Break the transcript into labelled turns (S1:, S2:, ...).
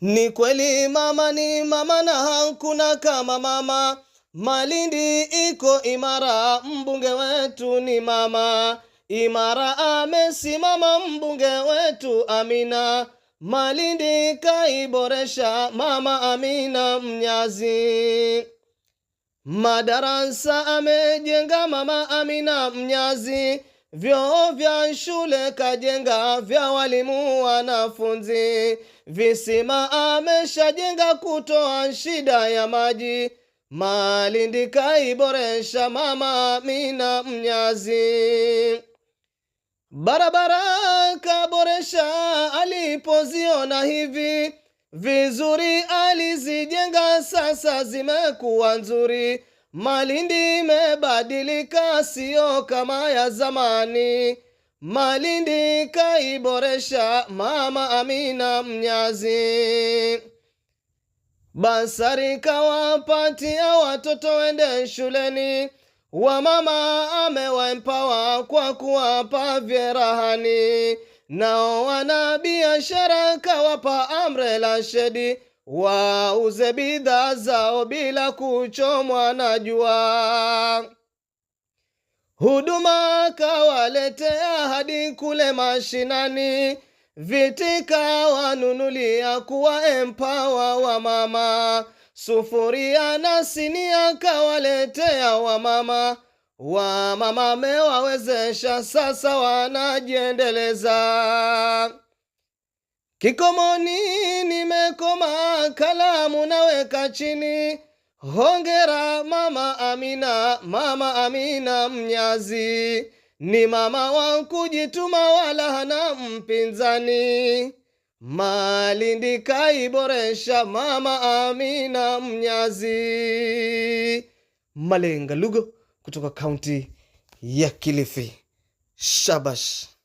S1: Ni kweli mama ni mama na hakuna kama mama. Malindi iko imara, mbunge wetu ni mama imara, amesimama mbunge wetu Amina. Malindi kaiboresha mama Amina Mnyazi. Madarasa amejenga mama Amina Mnyazi. Vyoo vya shule kajenga vya walimu wanafunzi, visima ameshajenga kutoa shida ya maji. Malindi kaiboresha mama Mina Mnyazi. Barabara kaboresha alipoziona hivi vizuri, alizijenga sasa zimekuwa nzuri. Malindi imebadilika, sio kama ya zamani. Malindi kaiboresha Mama Amina Mnyazi. Basari kawapatia watoto wende shuleni, wamama amewaempawa kwa kuwapa vyerahani, nao wana biashara kawapa amrela shedi wauze bidhaa zao bila kuchomwa na jua. Huduma kawaletea hadi kule mashinani, viti kawanunulia kuwa empawa wa mama, sufuria na sinia kawaletea wamama. Wamama mewawezesha sasa, wanajiendeleza. Kikomoni nimekoma, kalamu naweka chini. Hongera mama Amina, mama Amina Mnyazi ni mama wa kujituma, wala hana mpinzani. Malindi kaiboresha mama Amina Mnyazi.
S2: Malenga Lugo kutoka kaunti ya Kilifi. Shabash.